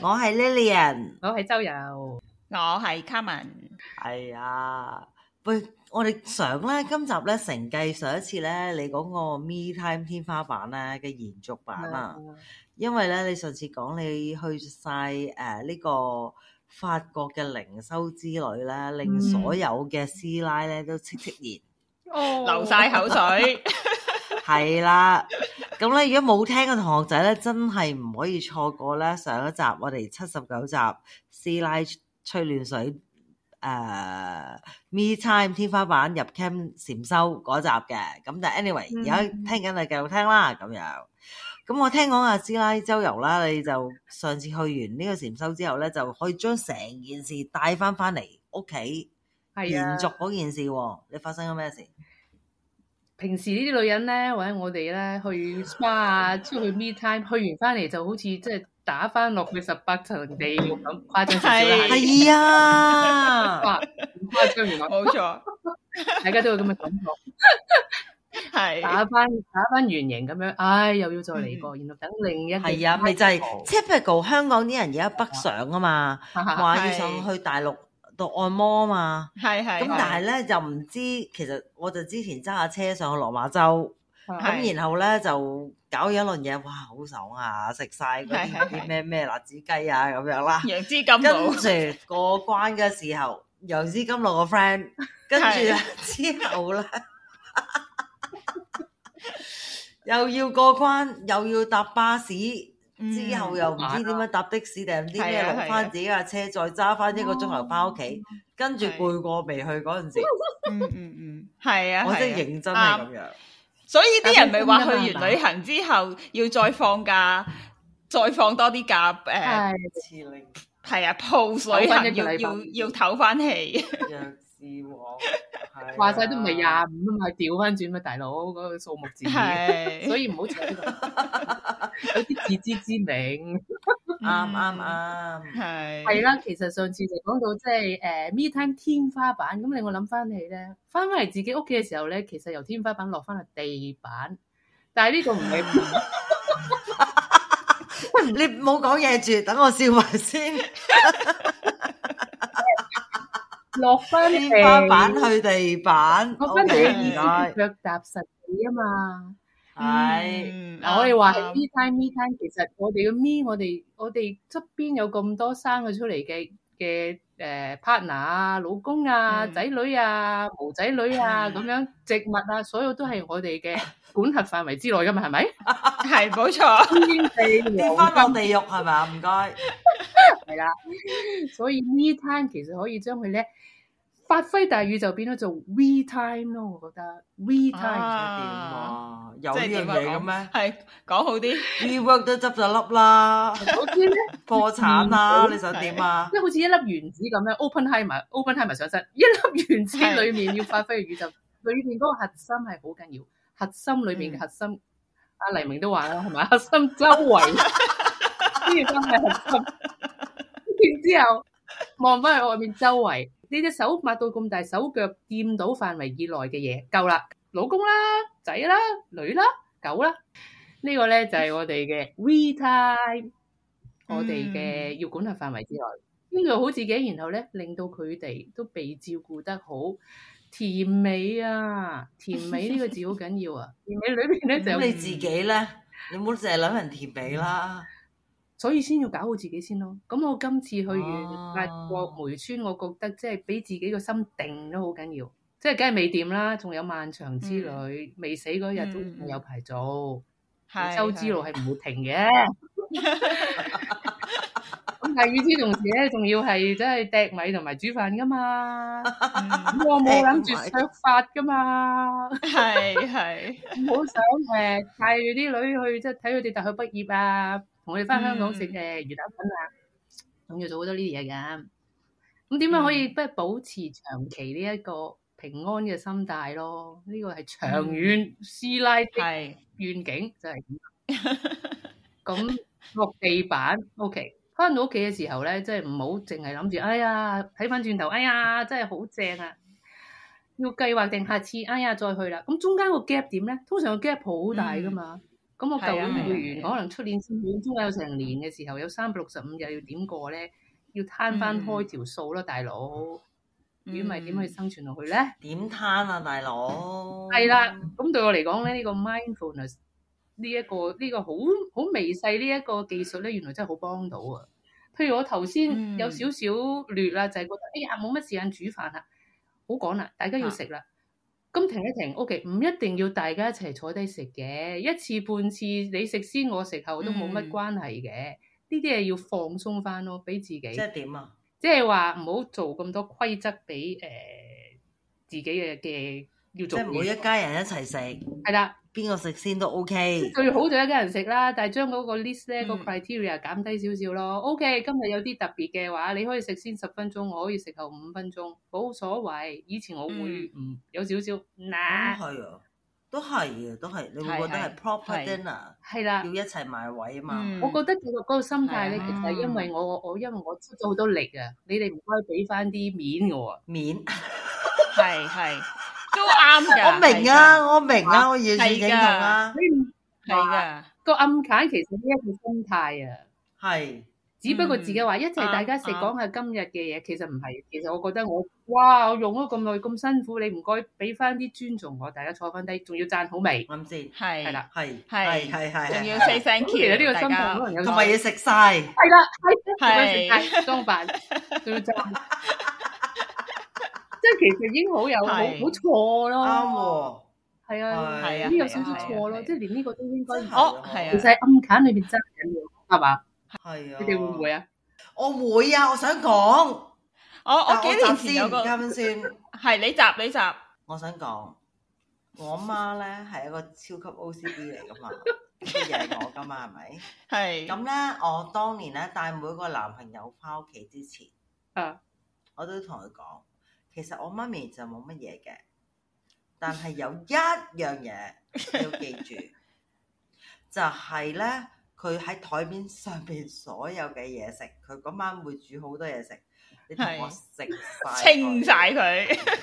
我係 Lilian，我係周游，我係 Carmen。係啊，不如我哋想咧今集咧承繼上一次咧你講個 Me Time 天花板咧嘅延續版啊，因為咧你上次講你去晒誒呢個法國嘅靈修之旅咧，令所有嘅師奶咧都戚戚然。嗯流晒口水 係啦。咁咧，如果冇聽嘅同學仔咧，真係唔可以錯過咧上一集，我哋七十九集師奶吹暖水，誒、呃、me time 天花板入 cam 禪修嗰集嘅。咁但係 anyway，而家聽緊就繼續聽啦。咁又、mm，咁、hmm. 我聽講阿師奶周遊啦，你就上次去完呢個禪修之後咧，就可以將成件事帶翻翻嚟屋企。延、啊、續嗰件事、哦，你發生咗咩事？平時呢啲女人咧，或者我哋咧去 spa 啊，出去 me time 去完翻嚟，就好似即係打翻落去十八層地獄咁誇張少少係係啊，咁誇張完我冇錯，大家都會咁嘅感覺，係 是打翻打翻圓形咁樣，唉、哎，又要再嚟過，嗯、然後等另一係啊，咪就係、是、Cheval 香港啲人而家北上啊嘛，話、啊啊啊、要上去大陸。讀按摩啊嘛，係係是呢，咁但係咧就唔知，其實我就之前揸下車上去羅馬州，咁是是 然後咧就搞咗一輪嘢，哇，好爽啊！食晒啲咩咩辣子雞啊咁樣啦，楊枝金，跟住過關嘅時候，楊枝金落個 friend，跟住是是 之後咧 又要過關，又要搭巴士。之後又唔知點樣搭的士定啲咩落翻自己架車，再揸翻一個鐘頭翻屋企，跟住背過未去嗰陣時，嗯嗯嗯，係啊，我真係認真係咁樣，所以啲人咪話去完旅行之後要再放假，再放多啲假誒，係，係啊，泡水翻要要要唞翻氣。話晒都唔係廿五啊嘛，調翻轉嘛，大佬嗰，個數目字，是所以唔好呢，有啲自知之明，啱啱啱，係係啦。其實上次就講到即係誒 me time 天花板咁，令我諗翻起咧，翻翻嚟自己屋企嘅時候咧，其實由天花板落翻去地板，但係呢個唔係，你唔好講嘢住，等我笑埋先。落翻天花板去地板，我跟你意思係腳踏實地啊嘛，係，我哋話係 me time me time，其實我哋嘅 me，我哋我哋側邊有咁多生佢出嚟嘅嘅誒 partner 啊，老公啊，仔女啊，毛仔女啊，咁樣植物啊，所有都係我哋嘅管轄範圍之內噶嘛，係咪？係，冇錯，天經地義係嘛，唔該。係啦，所以 Me time 其實可以將佢咧發揮大宇宙變咗做 We time 咯，我覺得 We time 點啊？有呢樣嘢嘅咩？係講好啲 we work 都執咗粒啦，破產啦，你想點啊？即係好似一粒原子咁樣，Oppenheimer，Oppenheimer 上身，一粒原子裏面要發揮宇宙，裏面嗰個核心係好緊要，核心裏面嘅核心，阿黎明都話啦，係咪？核心周圍呢個係核心。然之後望翻去外面周圍，呢隻手抹到咁大，手腳掂到範圍以內嘅嘢夠啦，老公啦，仔啦，女啦，狗啦，呢個咧就係我哋嘅 we time，我哋嘅要管轄範圍之內，兼顧好自己，然後咧令到佢哋都被照顧得好，甜美啊，甜美呢個字好緊要啊，甜美裏面咧就你自己咧，你唔好淨係諗人甜美啦。所以先要搞好自己先咯。咁、嗯、我今次去完大國梅村，我覺得即係俾自己個心定都好緊要。即係梗係未掂啦，仲有漫長之旅，未死嗰日都仲有排做。修之路係唔會停嘅。咁是 但係與之同時咧，仲要係即係掟米同埋煮飯噶嘛。 嗯、我冇諗住削髮噶嘛。係 係是。我好 想誒帶住啲女去即係睇佢哋大學畢業啊！同我哋翻香港食嘅魚蛋粉啊，咁要做好多呢啲嘢噶。咁點樣可以不保持長期呢一個平安嘅心態咯？呢個係長遠師奶嘅願景，就係咁。咁落地板，OK。翻到屋企嘅時候咧，即係唔好淨係諗住，哎呀，睇翻轉頭，哎呀，真係好正啊！要計劃定下次，哎呀，再去啦。咁中間個 gap 點咧？通常個 gap 好大噶嘛。咁我舊年未完，可能出年先好。中間有成年嘅時候，有三百六十五日要點過咧？要攤翻開條數咯，大佬，如果唔係點去生存落去咧？點攤啊，大佬！係啦，咁對我嚟講咧，呢個 mindfulness 呢一個呢個好好微細呢一個技術咧，原來真係好幫到啊！譬如我頭先有少少劣啦，就係覺得哎呀，冇乜時間煮飯啦，好趕啦，大家要食啦。咁停一停，OK，唔一定要大家一齊坐低食嘅，一次半次你食先我食後都冇乜關係嘅，呢啲嘢要放鬆翻咯，俾自己。即係點啊？即係話唔好做咁多規則俾誒自己嘅嘅要做。即係每一家人一齊食。係啦。邊個食先都 OK，最好就一家人食啦。但係將嗰個 list 咧、嗯、個 criteria 減低少少咯。OK，今日有啲特別嘅話，你可以食先十分鐘，我可以食後五分鐘，冇所謂。以前我會唔有少少嗱，係、嗯呃、啊，都係啊，都係、啊。你會覺得係 proper dinner 係啦是，啊、要一齊埋位嘛啊嘛。我覺得你個嗰個心態咧，其實因為我、啊、我因為我出咗好多力啊，你哋唔該俾翻啲面我，面係子係。 都啱嘅，我明啊，我明啊，我完全認同啊。你唔係噶個暗坎，其實呢一個心態啊，係只不過自己話一齊大家食講下今日嘅嘢，其實唔係。其實我覺得我哇，我用咗咁耐咁辛苦，你唔該俾翻啲尊重我，大家坐翻低，仲要讚好味，啱先係係啦，係係係係，仲要 say thank you，呢個心態可能有同埋嘢食晒，係啦，係係當飯，仲要。即係其實已經好有好好錯咯，啱喎，係啊，已經有少少錯咯，即係連呢個都應該哦，其實喺暗間裏邊真係，係嘛？係啊，你哋會唔會啊？我會啊，我想講，我我幾年前有個嘉賓先，係你集你集，我想講，我媽咧係一個超級 O C D 嚟噶嘛，惹我噶嘛，係咪？係咁咧，我當年咧帶每個男朋友翻屋企之前，嗯，我都同佢講。其實我媽咪就冇乜嘢嘅，但係有一樣嘢你要記住，就係咧，佢喺台面上面所有嘅嘢食，佢嗰晚會煮好多嘢食，你同我食晒， 清晒佢，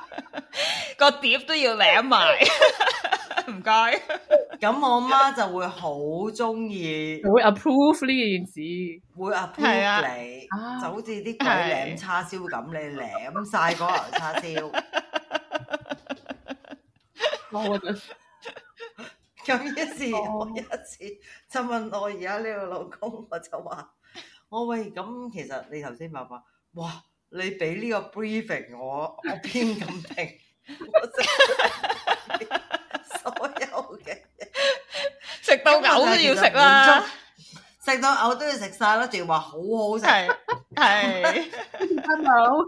個碟都要舐埋。 唔該，咁我媽就會好中意，會 approve 呢件事， 會 approve 你，啊、就好似啲鬼舐叉燒咁， 你舐晒嗰牛叉燒。咁一次， oh. 我一次就問我而家呢個老公，我就話：我喂，咁其實你頭先話話，哇，你俾呢個 briefing 我，我邊咁評？ 食到嘔 commencement 都要食啦，食到嘔都要食晒咯，仲要話好好食，係，Hello。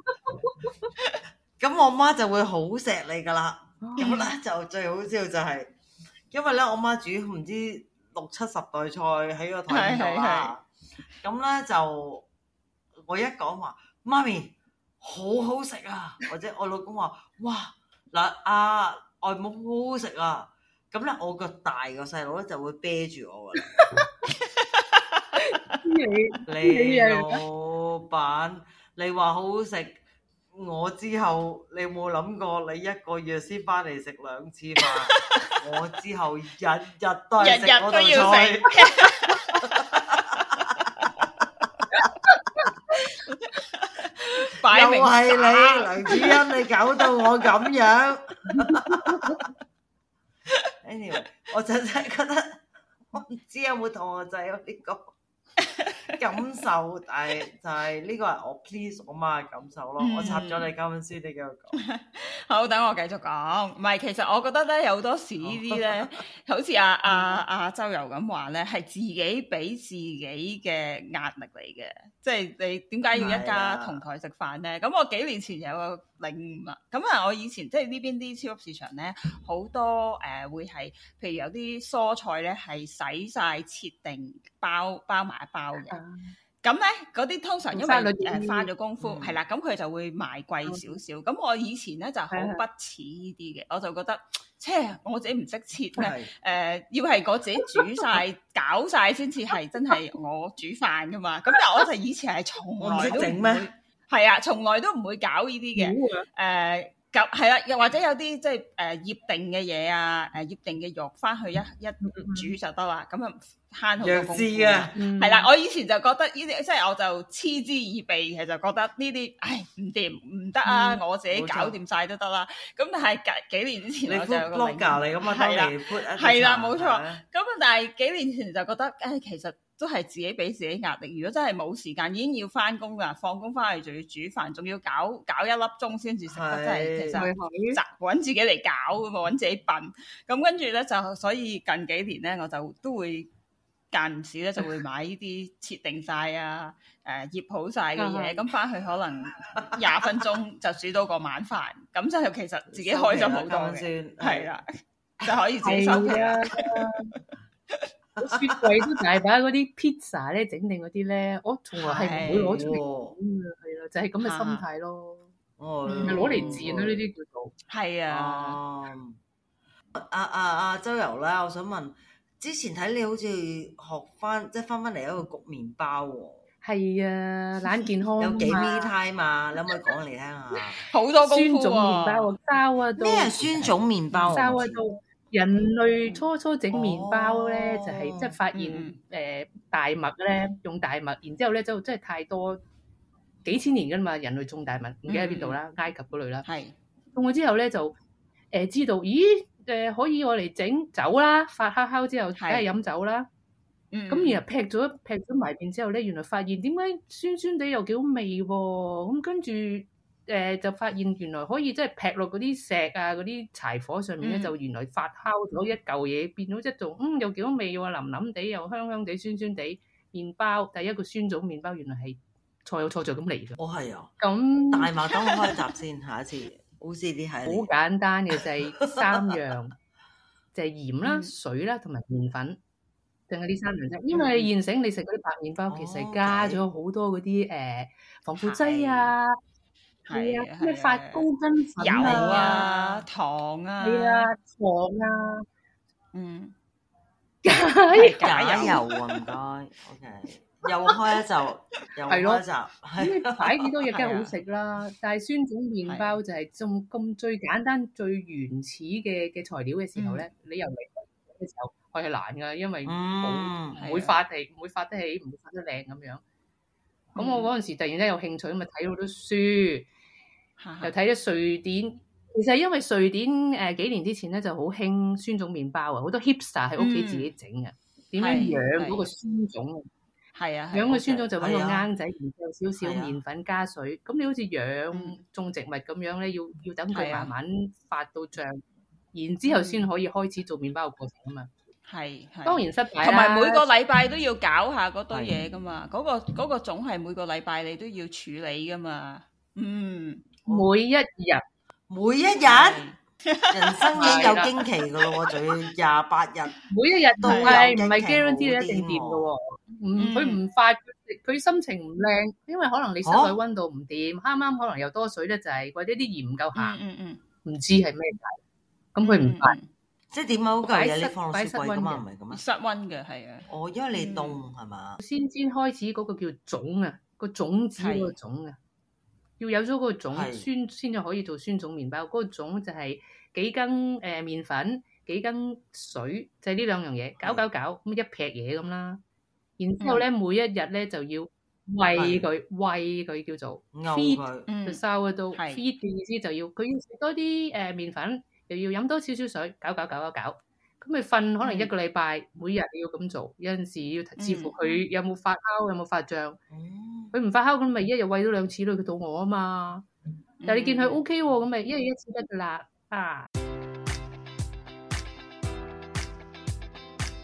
咁我媽就會好錫你噶啦。咁咧、哎、呀就最好笑就係、是，因為咧我媽煮唔知六七十道菜喺個台度啦。咁咧就我一講話媽咪好好食啊，或者我老公話 哇嗱阿外母好好食啊。咁咧，我個大個細佬咧就會啤住我噶啦。 你你老闆，你話好好食，我之後你冇諗過，你一個月先翻嚟食兩次飯， 我之後日日都係日日都要食。Okay. 又係你梁子欣，你搞到我咁樣。 Anyway, 我就真係覺得，我唔知有冇同我仔有呢個感受， 但係就係呢個係我 please 我媽嘅感受咯，嗯、我插咗你嘉文師，你繼續講。 好，等我繼續講。唔係，其實我覺得咧，有多屎 好多事呢啲咧，好似阿阿阿周游咁話咧，係自己俾自己嘅壓力嚟嘅。即係你點解要一家同台食飯咧？咁的我幾年前有個領悟啦。咁啊、嗯，我以前即係呢邊啲超級市場咧，好多誒、呃、會係，譬如有啲蔬菜咧係洗晒、切定、包包埋一包嘅。咁咧嗰啲通常因為誒花咗、呃、功夫，係啦、嗯，咁佢就會賣貴少少。咁、嗯、我以前咧就好、是、不似呢啲嘅，嗯、我就覺得。切我自己唔識切咧，誒的、呃、要係我自己煮晒、搞晒先至係真係我煮飯噶嘛。咁但係我就以前係從來都唔識整咩，係啊，從來都唔會搞呢啲嘅誒。哦呃係啦，又或者有啲即係誒醃定嘅嘢啊，誒、呃、醃定嘅肉，翻去一一煮就得啦。咁啊慳好多功夫。弱智啊，係、嗯、啦，我以前就覺得呢啲，即係我就嗤之以鼻，其實就覺得呢啲，唉，唔掂唔得啊，我自己搞掂晒都得啦、啊。咁但係隔幾年之前我就～的你嚟咁啊，翻嚟 put 係啦，係啦，冇錯的。咁啊，但係幾年前就覺得，唉、哎，其實。都係自己俾自己壓力。如果真係冇時間，已經要返工啦，放工返嚟仲要煮飯，仲要搞搞一粒鐘先至食得，真係的其實揾自己嚟搞咁啊，揾自己笨。咁跟住咧就，所以近幾年咧，我就都會間唔時咧，就會買呢啲設定晒啊，誒、 呃、醃好晒嘅嘢，咁返的去可能廿分鐘就煮到個晚飯。咁 就其實自己開咗好多先，係啦，就可以自己收。啦。 雪櫃都大把嗰啲 pizza 咧，整定嗰啲咧，我從來係唔會攞出嚟 就係咁嘅心態囉哦，攞嚟煎啦，呢啲 叫做係 啊。阿阿阿周游啦，我想問，之前睇你好似學翻，即係翻翻嚟一個焗麵包。係 啊，懶健康 有幾 me time 嘛？你可唔可以講嚟聽下？好 多功夫啊！麵包、包啊酸，咩酸種麵包啊、啊人類初初整麵包咧，哦、就係即係發現誒、嗯呃、大麥咧，用大麥，然之後咧就真係太多幾千年噶啦嘛，人類種大麥，唔記得喺邊度啦，嗯、埃及嗰類啦，係種咗之後咧就誒、呃、知道，咦誒、呃、可以我嚟整酒啦，發酵酵之後梗度梗係飲酒啦，咁、嗯、然後劈咗劈咗埋面之後咧，原來發現點解酸酸地又幾好味喎，咁跟住。誒就發現原來可以即係劈落嗰啲石啊、嗰啲柴火上面咧，就原來發酵咗一嚿嘢，變到一種，嗯，有幾好味喎，腍腍地又香香地、酸酸地麵包。第一個酸種麵包原來係錯有錯著咁嚟㗎。哦係啊，咁大麻豆開集先，下次。好似啲係好簡單嘅，就係三樣，就係鹽啦、水啦同埋麵粉，淨係呢三樣啫。因為現成你食嗰啲白麵包，其實加咗好多嗰啲誒防腐劑啊。係啊，咩發高筋油啊、糖啊，係啊糖啊，嗯，加加油啊，唔該，OK，又開就又開集，係擺幾多嘢梗係好食啦。但係酸種麵包就係咁咁最簡單、最原始嘅嘅材料嘅時候咧，你又嚟嘅時候係難噶，因為唔會會發起，唔會發得起，唔會發得靚咁樣。咁我嗰陣時突然間有興趣，咁咪睇好多書。又睇咗瑞典，其實因為瑞典誒幾年之前咧就好興酸種麵包啊，好多 hipster 喺屋企自己整嘅，點樣養嗰個酸種啊？係啊，養個酸種就揾個罌仔，然之後少少麵粉加水，咁你好似養種植物咁樣咧，要要等佢慢慢發到脹，然之後先可以開始做麵包嘅過程啊嘛。係，當然失敗。同埋每個禮拜都要搞下嗰堆嘢㗎嘛，嗰個嗰個種係每個禮拜你都要處理㗎嘛。嗯。每一日，每一日，人生已經有驚奇噶咯喎，仲要廿八日，每一日都係唔係 guarantee 一定掂噶喎？唔，佢唔發，佢心情唔靚，因為可能你室內溫度唔掂，啱啱可能又多水得滯，或者啲鹽唔夠鹹，嗯嗯嗯，唔知係咩解，咁佢唔發，即係點啊？嗰日你放落雪櫃噶嘛，唔係咁啊？失溫嘅係啊，哦，因為你凍係嘛，先先開始嗰個叫種啊，個種子個種啊。要有咗個種酸，先至可以做酸種麵包。嗰個種就係幾斤誒麵粉，幾斤水，就係呢兩樣嘢，攪攪攪咁一劈嘢咁啦。然之後咧，每一日咧就要餵佢，餵佢叫做 feed 佢，就收佢到。feed 嘅意思就要佢要食多啲誒麵粉，又要飲多少少水，攪攪攪一攪。咁佢瞓可能一個禮拜，每日你要咁做，有陣時要視乎佢有冇發酵，有冇發脹。佢唔發酵咁咪一日餵多兩次，佢肚餓啊嘛，但係你見佢 OK 喎，咁咪一日一次得㗎喇，啊。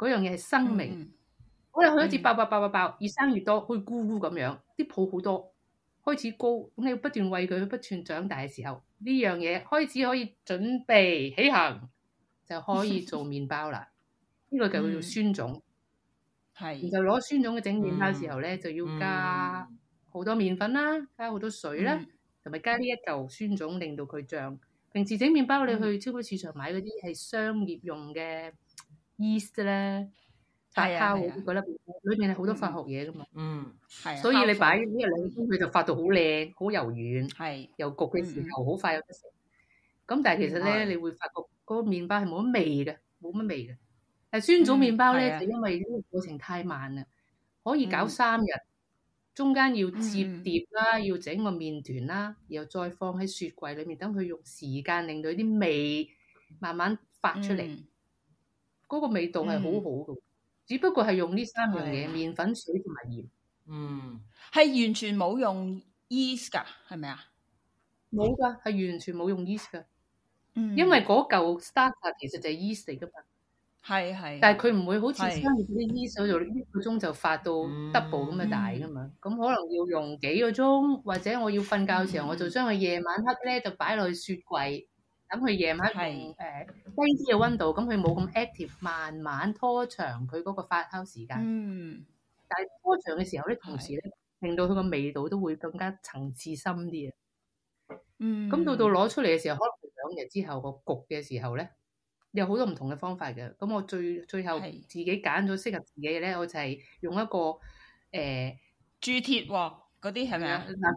嗰樣嘢係生命，我哋佢開始爆爆爆爆爆爆，越生越多，佢咕咕咁樣，啲泡好多，開始高，咁你要不斷餵佢，不斷長大嘅時候，呢樣嘢開始可以準備起行，就可以做麵包啦。呢、嗯、個就叫做酸種，係、嗯，然後攞酸種嘅整麵包嘅時候咧，嗯、就要加好多麵粉啦，加好多水啦，同埋、嗯、加呢一嚿酸種，令到佢脹。平時整麵包，你去超級市場買嗰啲係商業用嘅。Yeast 咧發酵，覺得裏面係好多化學嘢噶嘛。嗯，係。所以你擺一日兩日，佢就發到好靚，好柔軟，又焗嘅時候好快有得食。咁但係其實咧，你會發覺嗰個麵包係冇乜味嘅，冇乜味嘅。係酸種麵包咧，就因為呢個過程太慢啦，可以搞三日，中間要折疊啦，要整個麵團啦，然後再放喺雪櫃裏面，等佢用時間令到啲味慢慢發出嚟。嗰個味道係好好嘅，嗯、只不過係用呢三樣嘢：是麵粉、水同埋鹽。E e、嗯，係完全冇用 yeast 㗎，係咪啊？冇㗎，係完全冇用 yeast 㗎。嗯，因為嗰嚿 starter 其實就係 yeast 嚟㗎嘛。係係。但係佢唔會好似商業啲 yeast 是就一個鐘就發到 double 咁嘅大㗎嘛。咁、嗯、可能要用幾個鐘，或者我要瞓覺嘅時候，嗯、我就將佢夜晚黑咧就擺落去雪櫃。等佢夜晚用誒低啲嘅溫度，咁佢冇咁 active，慢慢拖長佢嗰個發酵時間。嗯。但係拖長嘅時候咧，同時咧是令到佢個味道都會更加層次深啲啊。嗯。咁到到攞出嚟嘅時候，可能兩日之後個焗嘅時候咧，有好多唔同嘅方法嘅。咁我最最後自己揀咗適合自己嘅咧，我就係用一個誒是、呃、鑄鐵鑊。嗰啲係咪啊？嗱，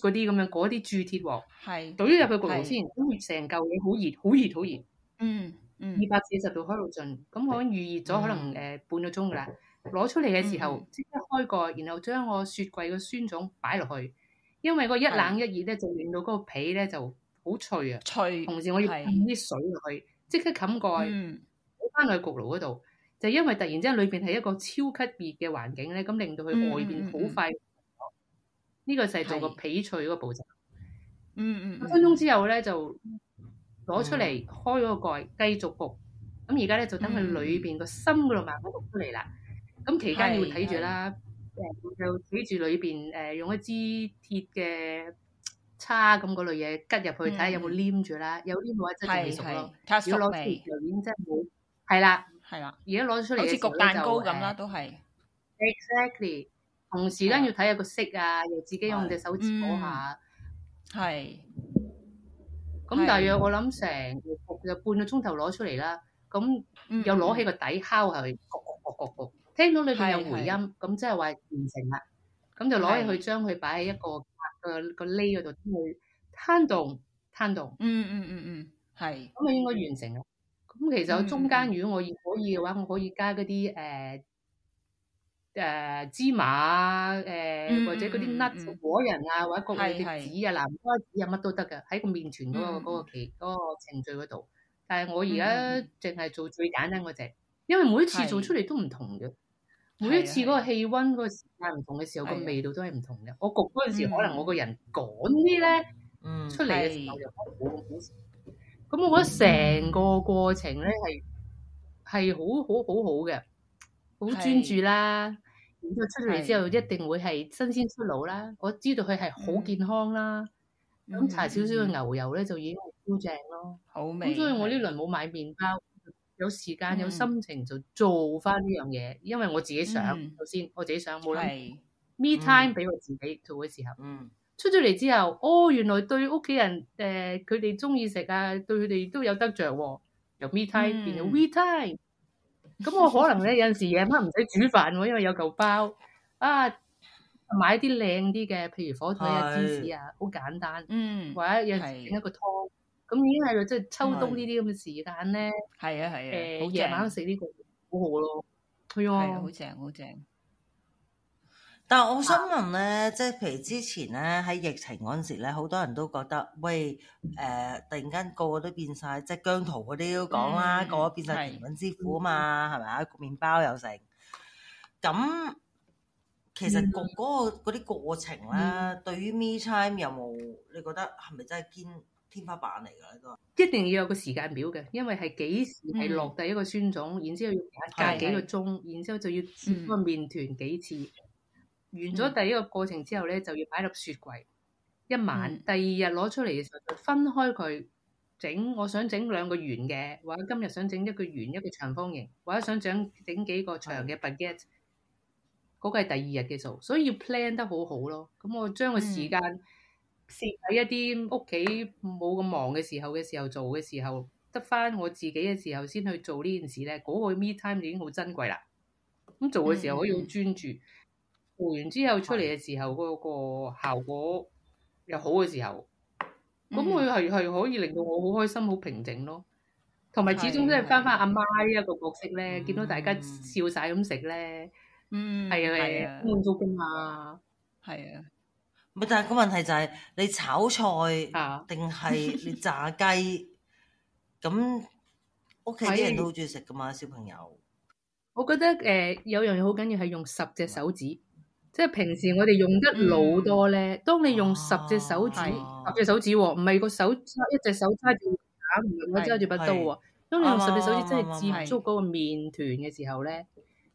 嗰啲咁樣嗰啲鑄鐵鑊，係倒咗入去焗爐先，咁成嚿嘢好熱，好熱，好熱。嗯嗯，二百四十度開到盡，咁我預熱咗可能誒半個鐘噶啦，攞出嚟嘅時候即刻開蓋，然後將我雪櫃嘅酸種擺落去，因為個一冷一熱咧，就令到嗰個皮咧就好脆啊。脆。同時我要冚啲水落去，即刻冚蓋，攞翻去焗爐嗰度，就因為突然之間裏邊係一個超級熱嘅環境咧，咁令到佢外邊好快。呢個就係做個皮脆嗰步驟，嗯嗯，五分鐘之後咧就攞出嚟開咗個蓋，繼續焗。咁而家咧就等佢裏邊個心嗰度慢慢焗出嚟啦。咁期間你要睇住啦，就睇住裏邊誒用一支鐵嘅叉咁嗰類嘢拮入去睇下有冇黏住啦。有黏冇？即係成攞鐵嚟已經啦，係啦，而家攞出嚟好似焗蛋糕咁啦，都係。Exactly. 同時咧要睇下個色啊，又自己用隻手指摸下，係。咁、嗯、大約我諗成就半個鐘頭攞出嚟啦。咁又攞起個底敲下去，焗焗焗焗焗，聽到裏邊有回音，咁即係話完成啦。咁就攞起去將佢擺喺一個一個一個壘嗰度，去攤凍，攤凍。嗯嗯嗯嗯，係。咁啊應該完成啦。咁其實中間如果我可以嘅話，我可以加嗰啲誒。呃誒芝麻誒，或者嗰啲粒果仁啊，或者各種嘅籽啊，南瓜籽啊，乜都得嘅。喺個麵團嗰個嗰個期嗰個程序嗰度，但係我而家淨係做最簡單嗰隻，因為每一次做出嚟都唔同嘅，每一次嗰個氣溫嗰個時間唔同嘅時候，個味道都係唔同嘅。我焗嗰陣時，可能我個人趕啲咧，出嚟嘅時候又好好。咁我覺得成個過程咧係係好好好好嘅，好專注啦。然之後出嚟之後，一定會係新鮮出爐啦。我知道佢係好健康啦，咁搽、mm hmm. 嗯、少少嘅牛油咧，就已經好正咯，好味。咁所以我呢輪冇買麵包，有時間、mm hmm. 有心情就做翻呢樣嘢，因為我自己想、mm hmm. 首先我自己想冇諗是，me time 俾、mm hmm. 我自己做嘅時候，mm hmm. 出咗嚟之後，哦原來對屋企人誒佢哋中意食啊，對佢哋都有得着喎，由 me time 變咗 we time。咁 我可能咧有陣時夜晚唔使煮飯喎，因為有嚿包啊，買啲靚啲嘅，譬如火腿啊、芝士啊，好是簡單，嗯、或者有陣時整一個湯，咁已經係即係秋冬這這呢啲咁嘅時間咧，係啊係啊，好夜晚食呢個好好咯，係啊，好正好正。但係我想問咧，即係譬如之前咧喺疫情嗰陣時咧，好多人都覺得，喂，誒、呃，突然間個個都變晒即係姜濤嗰啲都講啦，嗯、個個變晒甜品師傅啊嘛，係咪啊？麪包又成，咁其實、那個嗰的、那個嗰啲、那個、過程咧，的對於 me time 有冇你覺得係咪真係天花板嚟㗎咧？都一定要有個時間表嘅，因為係幾時係落第一個酸種，嗯、然之後要隔幾個鐘，的然之後就要接個麵團幾次。完咗第一個過程之後咧，mm hmm. 就要擺落雪櫃一晚。Mm hmm. 第二日攞出嚟嘅時候，就分開佢整。我想整兩個圓嘅，或者今日想整一個圓一個長方形，或者想整整幾個長嘅 baguette。嗰個係第二日嘅做，所以要 plan 得好好咯。咁我將個時間設喺一啲屋企冇咁忙嘅時候嘅時候做嘅時候，得返我自己嘅時候先去做呢件事咧。嗰個 me time 已經好珍貴啦。咁做嘅時候可以用專注。Mm hmm. 嗯做完之後出嚟嘅時候，嗰個效果又好嘅時候，咁佢係係可以令到我好開心、好平靜咯。同埋始終都係翻翻阿媽呢一個角色咧，的見到大家笑晒咁食咧，嗯的，係啊係啊，滿足感嘛，係啊的。唔但係個問題就係你炒菜定係、啊、你炸雞咁，屋企 人都好中意食噶嘛，小朋友。我覺得誒、呃、有樣嘢好緊要係用十隻手指。即係平時我哋用得老多咧，當你用十隻手指，十隻手指喎，唔係個手揸一隻手揸住打唔用，攞揸住把刀喎，當你用十隻手指真係接觸嗰個麵團嘅時候咧，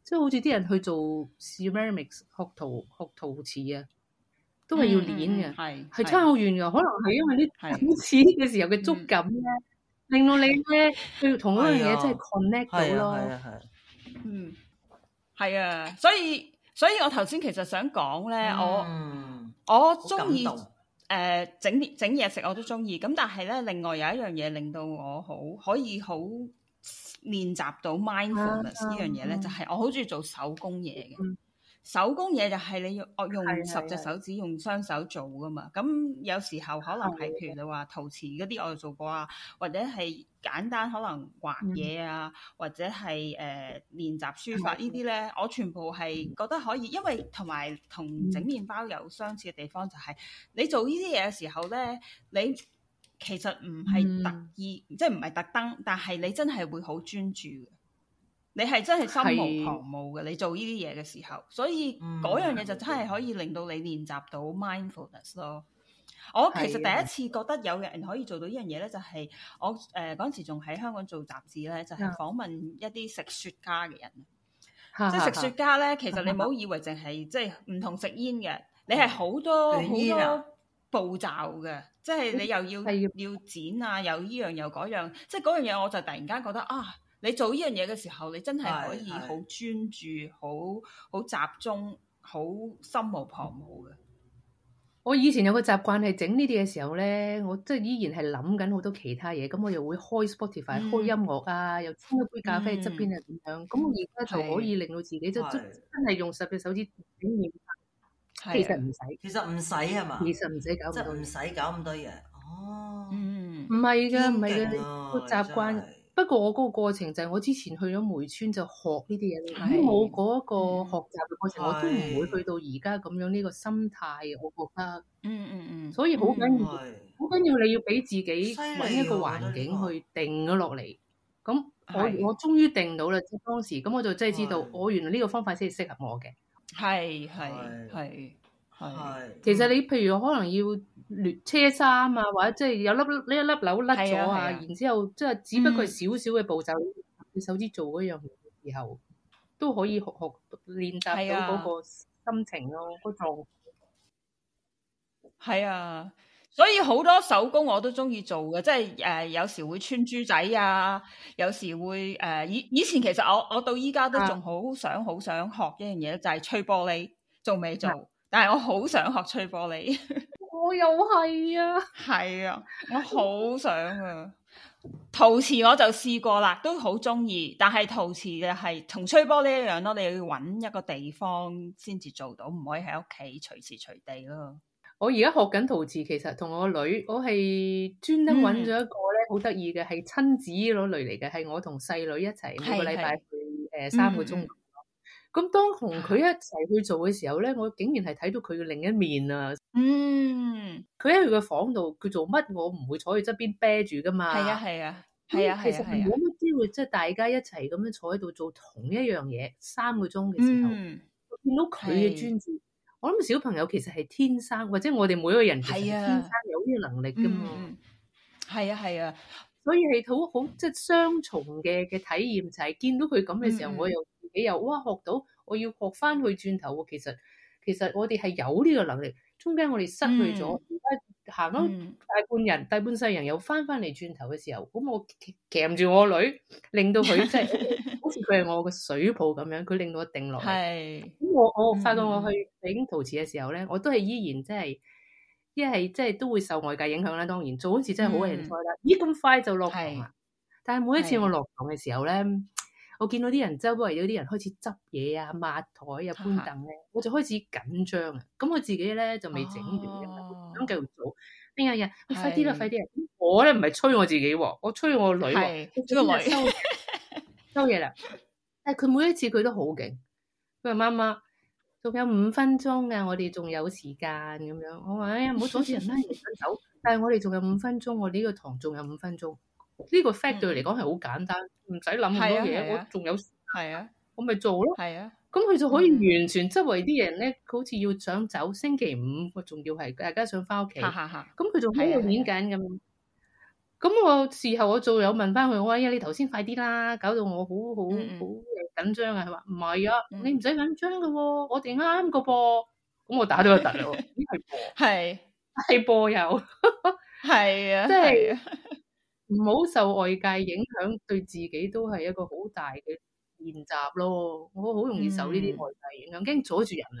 即係好似啲人去做 ceramics 學陶學陶瓷啊，都係要練嘅，係差好遠嘅，可能係因為啲點瓷嘅時候嘅觸感咧，令到你咧去同嗰樣嘢真係 connect 到咯，嗯，係啊，所以。所以我頭先其實想講咧、嗯，我、呃、我中意誒整整嘢食，我都中意，咁但係咧另外有一樣嘢令到我好可以好練習到 mindfulness 呢樣嘢咧，就係、係、我好中意做手工嘢嘅。嗯嗯。手工嘢就係你要哦用十隻手指用雙手做噶嘛，咁的有時候可能係、嗯、譬如你話陶瓷嗰啲我做過啊，或者係簡單可能畫嘢啊，嗯、或者係誒、呃、練習書法呢啲咧，我全部係覺得可以，嗯、因為同埋同整麵包有相似嘅地方就係、是嗯、你做呢啲嘢嘅時候咧，你其實唔係特意、嗯、即係唔係特登，但係你真係會好專注。你係真係心無旁騖嘅，的你做呢啲嘢嘅時候，所以嗰樣嘢就真係可以令到你練習到 mindfulness 咯。我其實第一次覺得有人可以做到呢樣嘢咧，就係我誒嗰陣時仲喺香港做雜誌咧，就係、是、訪問一啲的食雪茄嘅人。即係食雪茄咧，其實你唔好以為淨係即係唔同食煙嘅，你係好多好的多步驟嘅，即、就、係、是、你又要要剪啊，又呢樣又嗰樣，即係嗰樣嘢我就突然間覺得啊～你做呢樣嘢嘅時候，你真係可以好專注、的好好集中、好心無旁騖。嘅。我以前有個習慣係整呢啲嘅時候咧，我即係依然係諗緊好多其他嘢，咁、嗯、我、嗯嗯、又會開 Spotify 開音樂啊，又沖一杯咖啡側邊啊咁樣。咁我而家就可以令到自己真真真係用十隻手指點完的。其實唔使，其實唔使吖嘛？其實唔使搞，唔使搞咁多嘢。哦，唔係㗎，唔係㗎，個習慣。不過我嗰個過程就係我之前去咗梅村就學呢啲嘢，咁是、嗯、我嗰個學習嘅過程我都唔會去到而家咁樣，呢個心態是我覺得，嗯嗯嗯，嗯所以好緊要，好緊是要你要俾自己搵一個環境去定咗落嚟，咁我是我終於定到啦，當時咁我就真係知道，我原來呢個方法先係適合我嘅，係係係。係， 其實你譬如可能要亂車衫啊，或者即係有粒呢一粒鈕甩咗啊，啊然之後即係只不過少少嘅步驟，你、嗯、手指做嗰樣嘢嘅時候，都可以學學練習到嗰個心情咯、啊，嗰狀態。係做啊，所以好多手工我都中意做嘅，即係誒、uh, 有時會穿珠仔啊，有時會誒以、uh, 以前其實我我到依家都仲好想好、啊、想，想學一樣嘢，就係、是、吹玻璃，做未做？但係我好想學吹玻璃， 我又係啊，係啊，我好想啊！陶瓷我就試過啦，都好中意，但係陶瓷嘅係同吹玻璃一樣咯，你要揾一個地方先至做到，唔可以喺屋企隨時隨地咯。我而家學緊陶瓷，其實同我女，我係專登揾咗一個咧，好得意嘅係親子攞類嚟嘅，係我同細女一齊每個禮拜去誒三個鐘。咁當同佢一齊去做嘅時候咧，我竟然係睇到佢嘅另一面、嗯、他他啊！嗯，佢喺佢嘅房度，佢做乜我唔會坐喺側邊啤住噶嘛？係啊係啊係啊，啊啊啊其實冇乜機會即係大家一齊咁樣坐喺度做同一樣嘢三個鐘嘅時，時候，嗯、見到佢嘅專注，啊啊、我諗小朋友其實係天生或者我哋每一個人其實天生有呢個能力噶嘛。係啊係啊，啊啊所以係好好即係雙重嘅嘅體驗就係、是、見到佢咁嘅時候，我又、嗯。你又哇學到，我要學翻去轉頭，其實其實我哋係有呢個能力，中間我哋失去咗，行咗、嗯啊、大半人、大半世人又翻翻嚟轉頭嘅時候，咁我夾住我女，令到佢即係好似佢係我嘅水泡咁樣，佢令到我定落嚟。咁是我我發覺我去整是陶瓷嘅時候咧，我都係依然即、就、係、是，一係即係都會受外界影響啦。當然，做好似真係好幸災啦。是咦，咁快就落堂啦！是是但係每一次我落堂嘅時候咧。我見到啲人周圍有啲人開始執嘢啊、抹台啊、搬凳咧、啊，我就開始緊張啊！咁我自己咧就未整完，哦、想繼續做。邊呀人快啲啦，快啲、啊！我咧唔係催我自己、啊，我催我女喎、啊，催個女收嘢啦。但係佢每一次佢都好勁。佢話：媽媽，仲有五分鐘啊！我哋仲有時間咁、啊、樣。我話：哎呀，唔好阻住人啦、啊，唔想走。心但係我哋仲有五分鐘，我呢個堂仲有五分鐘。呢個 fact 對佢嚟講係好簡單，唔使諗咁多嘢。我仲有，係啊，我咪做咯。係啊，咁佢就可以完全周圍啲人咧，好似要想走星期五，我仲要係大家想翻屋企，咁佢仲喺度演緊咁。咁我事後我做有問翻佢，我話呀你頭先快啲啦，搞到我好好好緊張啊。佢話唔係啊，你唔使緊張噶，我哋啱噶噃。咁我打咗個突咯，呢係播，係係播有，係啊，即係。唔好受外界影響，對自己都係一個好大嘅練習咯。我好容易受呢啲外界影響，驚、嗯、阻住人啊，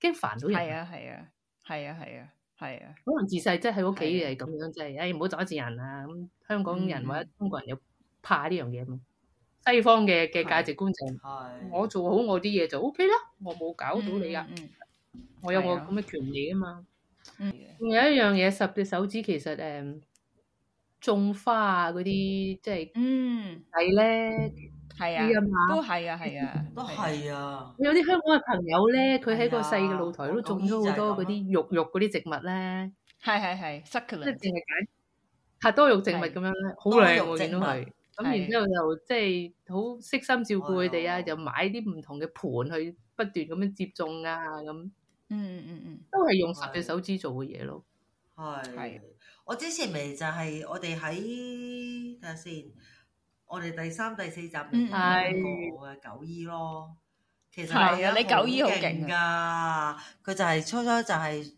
驚煩到人。係啊係啊係啊係啊，啊啊啊啊可能自細真係喺屋企係咁樣啫。誒唔好阻住人啊！咁、哎、香港人或者中國人又怕呢樣嘢嘛？西方嘅嘅價值觀就係我做好我啲嘢就 OK 啦，我冇搞到你啊，嗯嗯嗯、我有我咁嘅權利啊嘛。仲有一樣嘢，十隻手指其實誒。嗯種花啊，嗰啲即係嗯係咧，係啊，都係啊，係啊，都係啊。有啲香港嘅朋友咧，佢喺個細嘅露台都種咗好多嗰啲肉肉嗰啲植物咧。係係係，即係淨係揀多肉植物咁樣咧，好靚，我見到佢。咁然之後就即係好悉心照顧佢哋啊，就買啲唔同嘅盤去不斷咁樣接種啊咁。嗯嗯嗯嗯，都係用十隻手指做嘅嘢咯。係係。我之前咪就係我哋喺睇下先，我哋第三第四集咪講過嘅九姨咯。其實係啊，你九姨好勁噶。佢就係、是、初初就係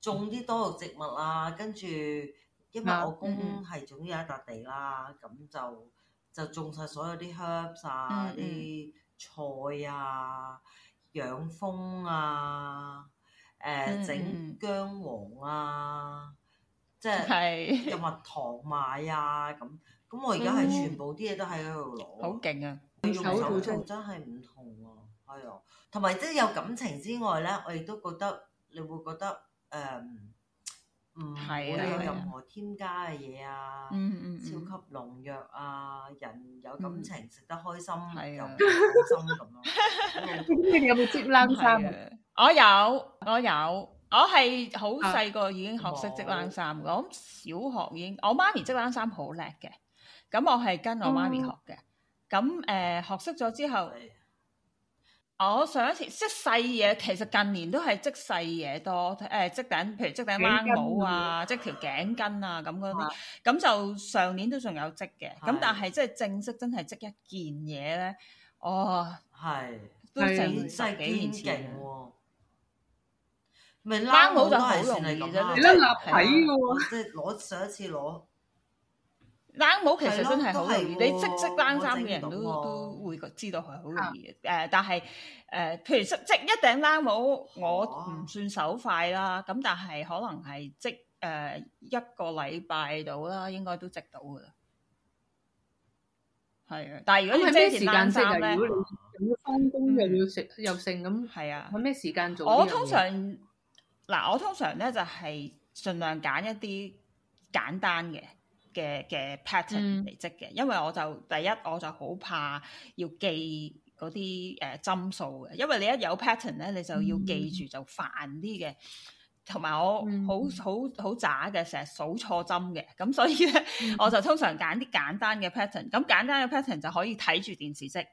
種啲多肉植物啊，跟住因為我公係種咗一笪地啦，咁、嗯、就就種晒所有啲 herbs 啊、啲、嗯、菜啊、養蜂啊、誒整薑黃啊。即係有蜜糖買啊咁，咁我而家係全部啲嘢都喺嗰度攞。好勁啊！嗯啊嗯、啊你用手做真係唔同喎，係啊，同埋即係有感情之外咧，我亦都覺得你會覺得誒，唔、嗯、會有任何添加嘅嘢啊，嗯嗯、啊，啊啊、超級農藥啊，人有感情食得開心又、啊、開心咁咯。有冇織冷衫啊？我有，我有。我係好細個已經學識織冷衫，啊、我諗小學已經我媽咪織冷衫好叻嘅，咁我係跟我媽咪學嘅，咁誒、嗯呃、學識咗之後，是我上一次織細嘢，其實近年都係織細嘢多，誒、呃、織頂，譬如織頂冷帽啊，織條頸巾啊咁嗰啲，咁就上年都仲有織嘅，咁是但係即係正式真係織一件嘢咧，哦，係都成十幾年前冷帽就好容易，攬壓體嘅喎，即係攞上一次攞冷帽，其實真係好容易。你織織冷衫嘅人都都會知道係好容易嘅。誒，但係誒，譬如織即係一頂冷帽，我唔算手快啦。咁但係可能係即係誒一個禮拜到啦，應該都織到嘅。係啊，但係如果咩時間衫咧？如果你又要翻工又要食又剩咁，係啊，有咩時間做？我通常。嗱，我通常咧就係、是、盡量揀一啲簡單嘅嘅嘅 pattern 嚟織嘅，織嗯、因為我就第一我就好怕要記嗰啲誒針數嘅，因為你一有 pattern 咧，你就要記住就煩啲嘅。同埋、嗯、我、嗯、好好好渣嘅，成日數錯針嘅，咁所以咧、嗯、我就通常揀啲簡單嘅 pattern。咁簡單嘅 pattern 就可以睇住電視織，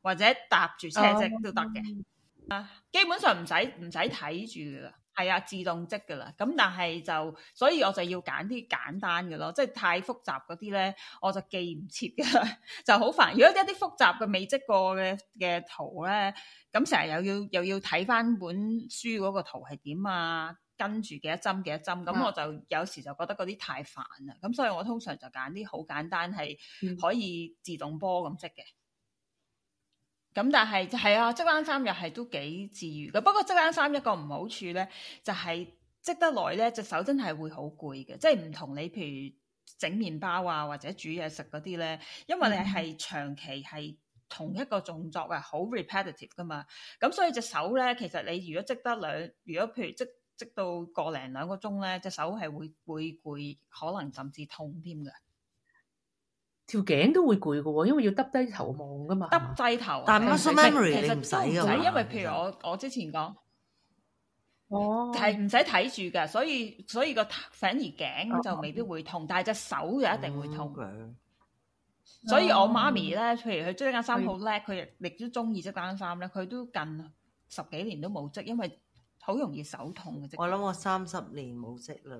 或者搭住車織都得嘅。啊、哦，嗯、基本上唔使唔使睇住㗎。係啊，自動織噶啦，咁但係就所以我就要揀啲簡單嘅咯，即係太複雜嗰啲咧，我就記唔切噶， 就好煩。如果一啲複雜嘅未織過嘅嘅圖咧，咁成日又要又要睇翻本書嗰個圖係點啊，跟住幾多針幾多針，咁、嗯、我就有時就覺得嗰啲太煩啦。咁所以我通常就揀啲好簡單係可以自動波咁織嘅。咁、嗯、但係係啊，織衫又係都幾治癒噶。不過織衫一個唔好處咧，就係、是、織得耐咧，隻手真係會好攰嘅。即係唔同你，譬如整麵包啊或者煮嘢食嗰啲咧，因為你係長期係同一個動作嘅，好 repetitive 噶嘛。咁所以隻手咧，其實你如果織得兩，如果譬如織織，織到個零兩個鐘咧，隻手係會會攰，可能甚至痛添嘅。條頸都會攰嘅喎，因為要耷低頭望嘅嘛。耷低頭，其實但 muscle memory 其實你唔使嘅，因為譬如我實我之前講，係唔使睇住嘅，所以所以個反而頸就未必會痛，嗯、但係隻手就一定會痛。嗯、所以我媽咪咧，譬如佢織間衫好叻，佢亦都中意織間衫咧，佢都近十幾年都冇織，因為好容易手痛嘅。我諗我三十年冇織啦。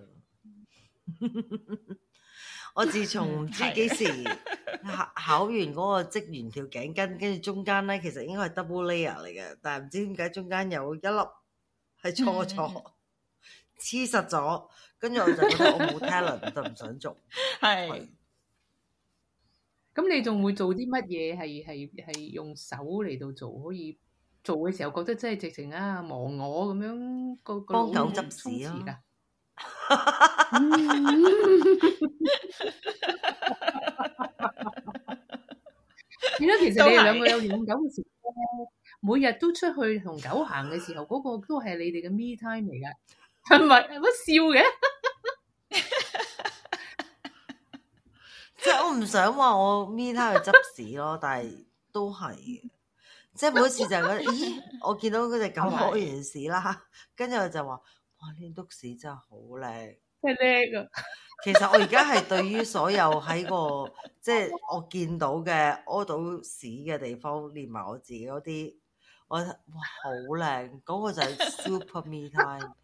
我自從唔知幾時考考完嗰個織完條頸巾，跟住中間咧，其實應該係 double layer 嚟嘅，但係唔知點解中間有一粒係錯錯黐實咗，跟住我就覺得我冇 talent，我就唔想做。係。咁你仲會做啲乜嘢？係係係用手嚟到做，可以做嘅時候覺得真係直情啊，望我咁樣，個個幫狗執屎咯。點解？ 其實你哋兩個有養狗嘅時候，每日都出去同狗行嘅時候，嗰個都係你哋嘅 me time 嚟噶，係咪？乜笑嘅？ 即係我唔想話我 me time 去執屎咯，但係都係。即係每次就係嗰啲，我見到嗰隻狗屙完屎啦，跟住是我就話：哇，呢督屎真係好靚，真叻啊！其實我而家係對於所有喺個即係我見到嘅屙到屎嘅地方，連埋我自己嗰啲，我覺得哇好靚！嗰個就係 Super Me Time，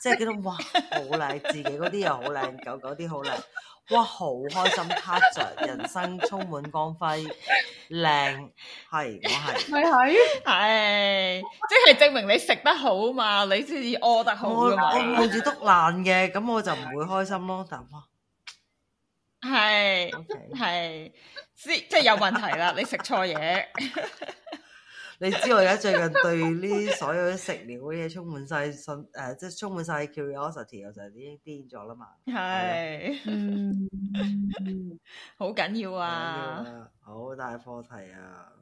即係覺得哇好靚，自己嗰啲又好靚，狗狗啲好靚。哇！好開心 c 着人生充滿光輝，靚係我係咪係係，即係證明你食得好嘛，你先至屙得好噶嘛。我望住篤爛嘅，咁我，我就唔會開心咯，大哥。係係是 Okay.，即係有問題啦， 你食錯嘢。 你知我而家最近對呢所有食料嘅嘢充滿晒信，誒即係充滿曬 curiosity，我就已經癲咗啦嘛。係，好緊 要啊，好、啊、大課題啊。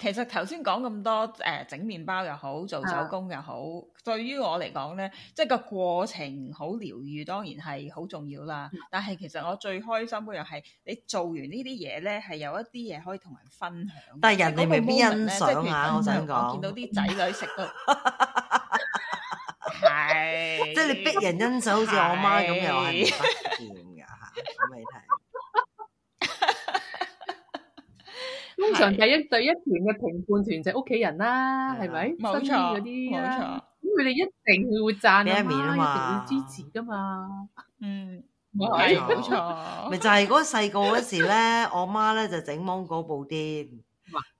其實頭先講咁多誒整、呃、麵包又好做手工又好，好啊、對於我嚟講咧，即係個過程好療愈，當然係好重要啦。但係其實我最開心嗰樣係你做完呢啲嘢咧，係有一啲嘢可以同人分享。但係人哋未必欣賞我想講，我見到啲仔女食都係， 是 即係你逼人欣賞，好似我媽咁又通常係一對一團嘅評判團就屋企人啦，係咪？身邊嗰啲啦，咁佢哋一定會贊我媽，一面嘛，一定會支持噶嘛。嗯，冇是錯，咪 就係嗰細個嗰時咧，我媽咧就整芒果布甸。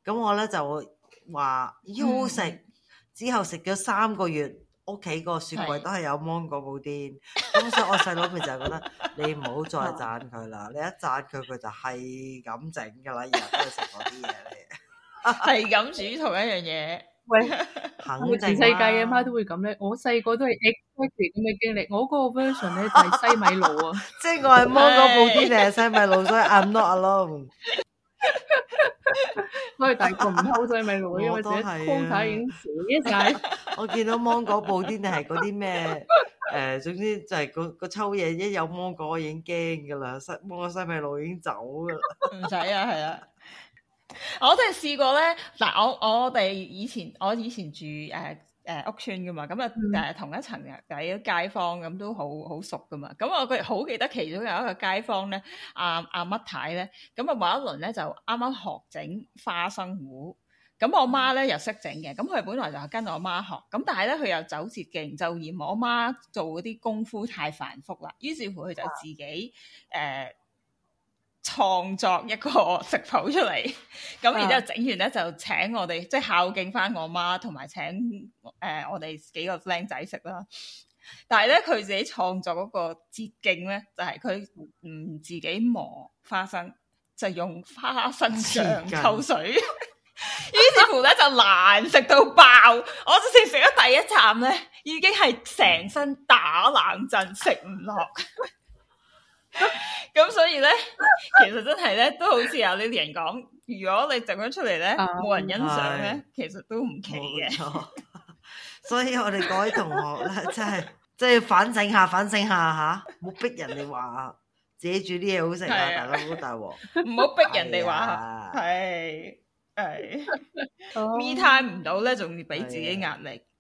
咁 我咧就話要食， 之後食咗三個月。屋企個雪櫃都係有芒果布丁，咁所以我細佬咪就覺得你唔好再讚佢啦，你一讚佢佢就係咁整噶啦，以後都會食嗰啲嘢，你係咁煮同一樣嘢。喂，全世界嘅媽都會咁咧，我細個都係 exactly 咁嘅經歷，我嗰個 version 咧就係西米露啊，即係我係芒果布丁定係西米露，所以 I'm not alone。我係第二個唔偷西米露， 啊、因為隻芒果已經死晒。我見到芒果布丁定係嗰啲咩？誒、呃，總之就係個秋夜，一有芒果我已經驚噶啦，西芒果西米露已經走噶啦。唔 使啊，係啊，我真係試過咧。嗱，我我哋以前我以前住誒。Uh, 誒、呃、屋邨嘅嘛，咁啊誒同一層嘅啲街坊咁、嗯、都好好熟嘅嘛，咁、嗯、我佢好記得其中有一個街坊咧，阿阿乜太咧，咁、嗯、啊某一輪咧就啱啱學整花生糊，咁、嗯、我媽咧又識整嘅，咁佢本來就係跟我媽學，咁但係咧佢又走捷徑，就嫌我媽做嗰啲功夫太繁複啦，於是乎佢就自己誒、嗯呃創作一個食譜出嚟，咁然之後整完咧就請我哋、啊、即係孝敬翻我媽，同埋請誒、呃、我哋幾個僆仔食啦。但係咧佢自己創作嗰個捷徑咧，就係佢唔自己磨花生，就是、用花生醬抽徑臭水。 於是乎咧 就難食到爆，我就先食咗第一啖咧，已經係成身打冷震，食唔落。 咁所以咧，其實真係咧，都好似阿 Lilian 講，如果你整咗出嚟咧，冇人欣賞咧，um，其實都唔奇嘅。所以，我哋各位同學咧，真係即係反省下，反省下吓，唔好逼人哋話自己煮啲嘢好食啊，的大佬好大鑊，唔好逼人哋話，係係 me time 唔到咧，仲的 要俾自己壓力。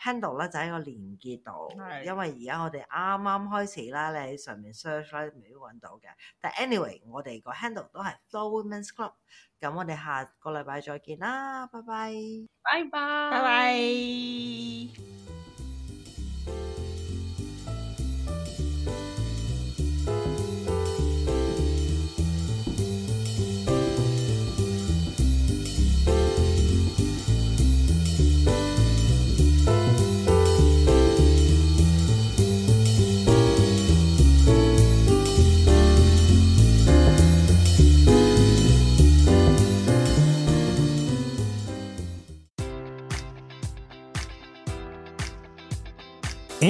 handle 咧就喺個連結度，的因為而家我哋啱啱開始啦，你喺上面 search 咧未必揾到嘅。但 anyway，我哋個 handle 都係 Flo Women's Club。咁我哋下個禮拜再見啦，拜拜，拜拜，拜拜。